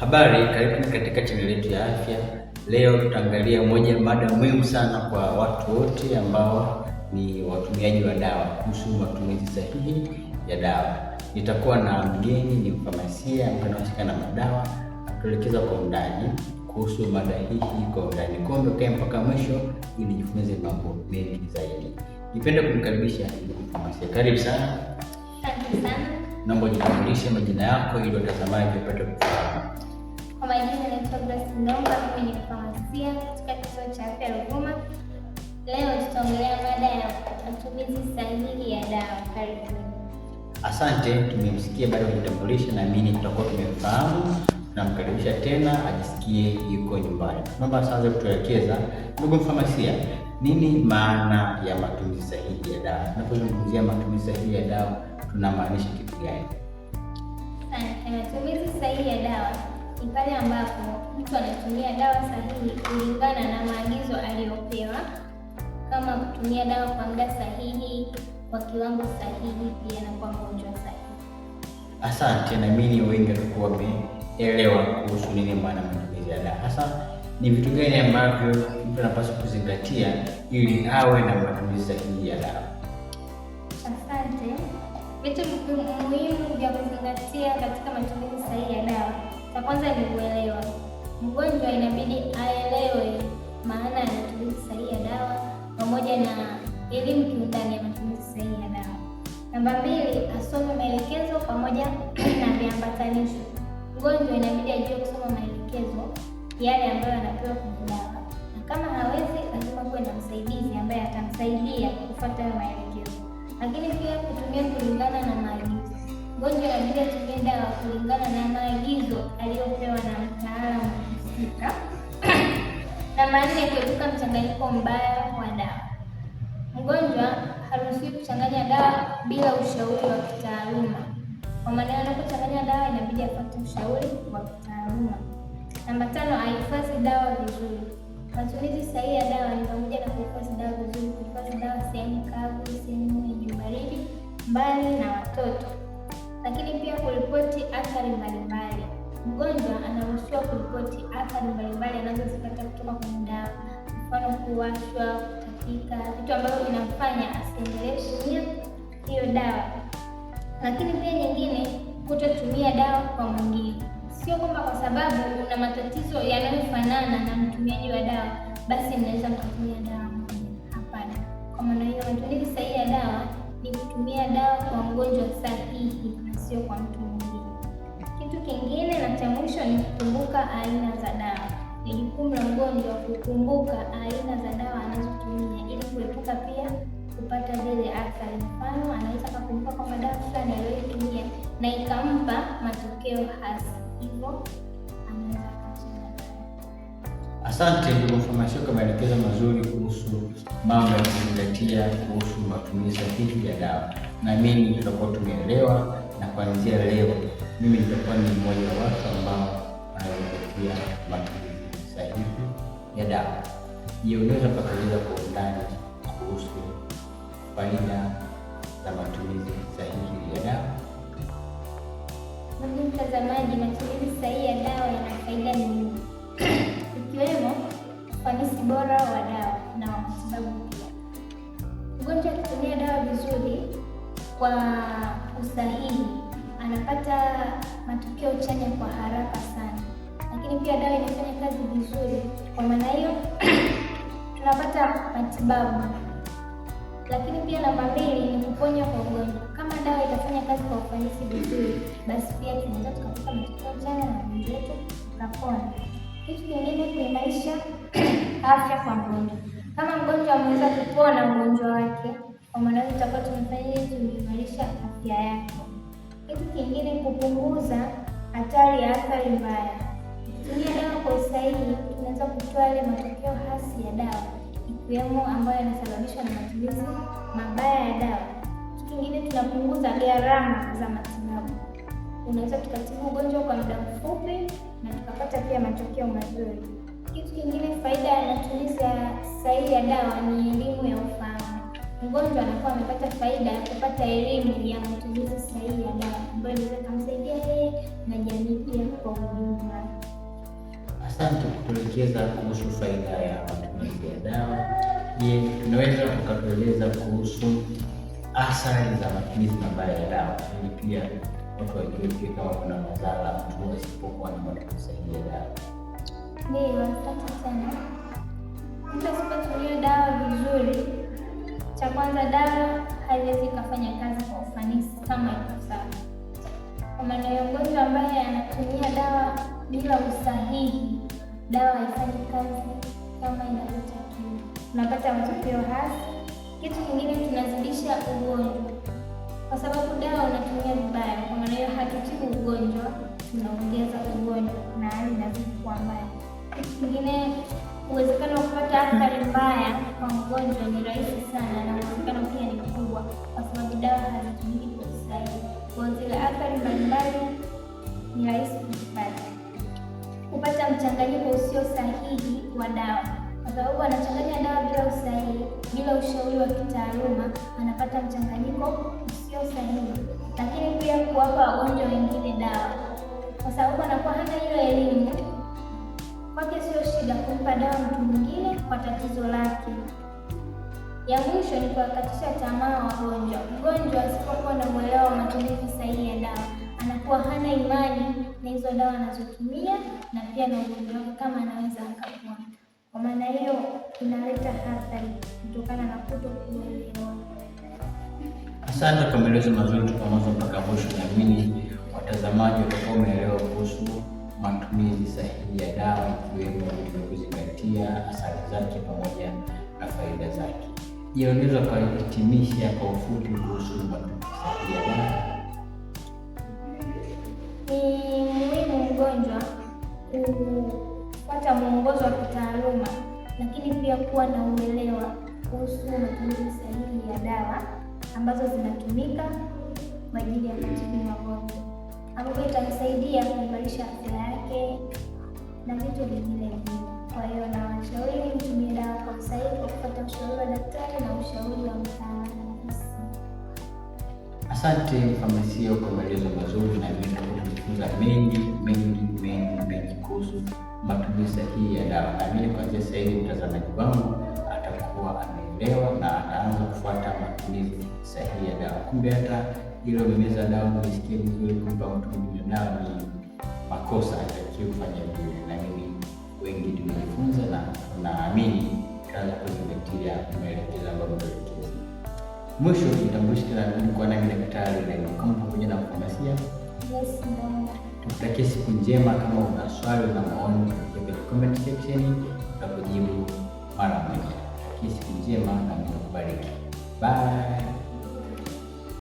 Habari, karibuni katika chaneli yetu ya afya. Leo tutaangalia moja mada muhimu sana kwa watu wote ambao ni watumiaji wa dawa, kuhusu matumizi sahihi ya dawa. Nitakuwa na mgeni, ni mfamasia anayehusika na madawa, atuelekeza kwa undani kuhusu mada hii kwa undani. kombe ukae mpaka mwisho ili jifunze mambo mengi zaidi. Nipende kumkaribisha ndugu mfamasia. Karibu sana. Asante sana. Naomba jitambulishe majina yako ili watazamaji wapate kufahamu naitwa Grace Ndonga, mimi ni mfamasia katika kituo cha afya Ruvuma. Leo tutaongelea mada ya matumizi sahihi ya dawa. Karibu. Asante, tumemsikia baada ya kujitambulisha, naamini tutakuwa tumemfahamu. Tunamkaribisha tena ajisikie yuko nyumbani. Naomba asanze kutuelekeza, ndugu mfamasia, nini maana ya matumizi sahihi ya dawa? Tunapozungumzia matumizi sahihi ya dawa tunamaanisha kitu gani? Matumizi sahihi ya dawa ni pale ambapo mtu anatumia dawa sahihi kulingana na maagizo aliyopewa, kama kutumia dawa kwa muda sahihi, kwa kiwango sahihi, pia na kwa mgonjwa sahihi. Asante, naamini wengi watakuwa wameelewa kuhusu nini maana matumizi ya dawa, hasa ni vitu gani ambavyo mtu anapaswa kuzingatia ili awe na matumizi sahihi ya dawa. Asante. Vitu muhimu vya kuzingatia katika matumizi sahihi ya dawa cha kwanza ni kuelewa. Mgonjwa inabidi aelewe maana ya matumizi sahihi ya dawa pamoja na elimu kiundani ya matumizi sahihi ya dawa. Namba mbili, asome maelekezo pamoja na viambatanisho. Mgonjwa inabidi ajue kusoma maelekezo yale ambayo anapewa kwenye dawa, na kama hawezi, lazima kuwe na msaidizi ambaye atamsaidia kufuata hayo maelekezo, lakini pia kutumia kulingana na maelekezo Mgonjwa inabidi kutumia dawa kulingana na maagizo aliyopewa na mtaalamu husika. Namba nne, kuepuka mchanganyiko mbaya wa dawa. Mgonjwa haruhusiwi kuchanganya dawa bila ushauri wa kitaaluma. Kwa maana anapochanganya dawa inabidi apate ushauri wa kitaaluma. Namba tano, ahifadhi dawa vizuri. Matumizi sahihi ya dawa ni pamoja na kuhifadhi dawa vizuri, kuhifadhi dawa sehemu kavu, sehemu yenye baridi, mbali na watoto lakini pia kuripoti athari mbalimbali. Mgonjwa anaruhusiwa kuripoti athari mbalimbali anazozipata kutoka kwenye dawa, mfano kuwashwa, kutapika, vitu ambavyo vinamfanya asiendelee kutumia hiyo dawa. Lakini pia nyingine, kutotumia dawa kwa mwingine. Sio kwamba kwa sababu una matatizo yanayofanana na mtumiaji wa dawa basi mnaweza mkatumia dawa moja. Hapana. Kwa maana hiyo, matumizi sahihi ya dawa ni kutumia dawa kwa mgonjwa sahihi sio kwa mtu mwingine. Kitu kingine na cha mwisho ni kukumbuka aina za dawa. Ni jukumu la mgonjwa kukumbuka aina za dawa anazotumia ili kuepuka pia kupata zile athari. Mfano, anaweza akakumbuka kwamba dawa fulani aliyotumia na ikampa matokeo hasi, hivyo Asante ndugu kwa maelekezo mazuri kuhusu mambo ya kuzingatia kuhusu matumizi sahihi ya dawa. Naamini tutakuwa tumeelewa na kuanzia leo mimi nitakuwa ni mmoja wa watu ambao anaelekea matumizi sahihi ya dawa. Je, unaweza kutueleza kwa undani kuhusu faida za matumizi sahihi ya dawa? Ndugu mtazamaji, matumizi sahihi ya dawa yana faida nyingi ikiwemo ufanisi bora wa dawa na matibabu pia. Mgonjwa akitumia dawa vizuri kwa usahihi, anapata matokeo chanya kwa haraka sana, lakini pia dawa inafanya kazi vizuri. Kwa maana hiyo tunapata matibabu. Lakini pia namba mbili ni kuponya kwa ugonjwa. Kama dawa itafanya kazi kwa ufanisi vizuri, basi pia tunaweza tukapata matokeo chanya na mwenzetu tukapona. Kitu kingine kuimarisha afya kwa mgonjwa. Kama mgonjwa ameweza kupona ugonjwa wake kwa maradhi tutakuwa tumefanya ili tuimarisha afya yako. Kitu kingine, kupunguza hatari ya athari mbaya. Kutumia dawa kwa usahihi, tunaweza kutoa yale matokeo hasi ya dawa, ikiwemo ambayo yanasababishwa na matumizi mabaya ya dawa. Kitu kingine, tunapunguza gharama za matibabu. Unaweza tukatibu ugonjwa kwa muda mfupi na tukapata pia matokeo mazuri. Kitu kingine, faida ya matumizi sahihi ya dawa ni elimu ya ufahamu mgonjwa anakuwa amepata faida ya kupata elimu ya matumizi sahihi ya dawa ambayo inaweza kumsaidia yeye na jamii pia kwa ujumla. Asante kutuelekeza kuhusu faida ya matumizi ya dawa. Je, tunaweza tukatueleza kuhusu athari za matumizi mabaya ya dawa ili pia watu wajue kama kuna madhara mtu asipokuwa na matumizi sahihi ya dawa? Ndiyo, asante sana. Mtu asipotumia dawa vizuri kwanza, dawa haiwezi ikafanya kazi kwa ufanisi kama ipasavyo, kwa maana ya mgonjwa ambaye anatumia dawa bila usahihi, dawa haifanyi kazi kama inavyotakiwa, tunapata matokeo hasi. Kitu kingine, tunazidisha ugonjwa kwa sababu dawa unatumia vibaya, kwa maana hiyo hatutibu ugonjwa, tunaongeza ugonjwa na hali inazidi kuwa mbaya. Kitu kingine, uwezekano wa kupata athari mbaya kwa mgonjwa ni rahisi sana. sio sahihi wa dawa, kwa sababu anachanganya dawa bila usahihi, bila ushauri wa kitaaluma, anapata mchanganyiko usio sahihi. Lakini pia kuwapa wagonjwa wengine dawa, kwa sababu anakuwa hana hiyo elimu, kwake sio shida kumpa dawa mtu mwingine kwa tatizo lake. Ya mwisho ni kuwakatisha tamaa wagonjwa. Mgonjwa asipokuwa na uelewa wa matumizi sahihi ya dawa, anakuwa hana imani na hizo dawa anazotumia na pia na ugonjwa wake kama anaweza akapona. Kwa maana hiyo inaleta athari kutokana na kuto kuelewa. Asante kwa maelezo mazuri tukamwaza mpaka mwisho. Naamini watazamaji watakuwa wameelewa kuhusu matumizi sahihi ya dawa ikiwemo vile kuzingatia athari zake pamoja na faida zake. Jiongeza kwa hitimisha kwa ufupi kuhusu matumizi sahihi ya dawa. mgonjwa kupata mwongozo wa kitaaluma, lakini pia kuwa na uelewa kuhusu matumizi sahihi ya dawa ambazo zinatumika kwa ajili ya kutibu magonjwa, ambayo itamsaidia kuimarisha afya yake na vitu vingine vingi. Kwa hiyo nawashauri mtumie dawa kwa usahihi kwa kufuata ushauri wa daktari na ushauri wa mtaalamu. Asante Famasio kwa maelezo mazuri na vitu kujifunza mengi mengi mengi mengi kuhusu matumizi sahihi ya dawa. Naamini kuanzia sasa hivi mtazamaji wangu atakuwa ameelewa na ataanza kufuata matumizi sahihi ya dawa. Kumbe hata ile umemeza dawa nisikie vizuri, kwamba mtu wa dawa ni makosa, hatakiwi kufanya vile. mimi wengi tumejifunza na tunaamini tutaanza kuzingatia maelekezo ambayo mwisho kitambulisho kila leo. Kama pamoja na kuangasia, tukutakie siku njema. Kama una swali na maoni, comment section tutakujibu mara moja. Siku njema na Mungu akubariki. Bye.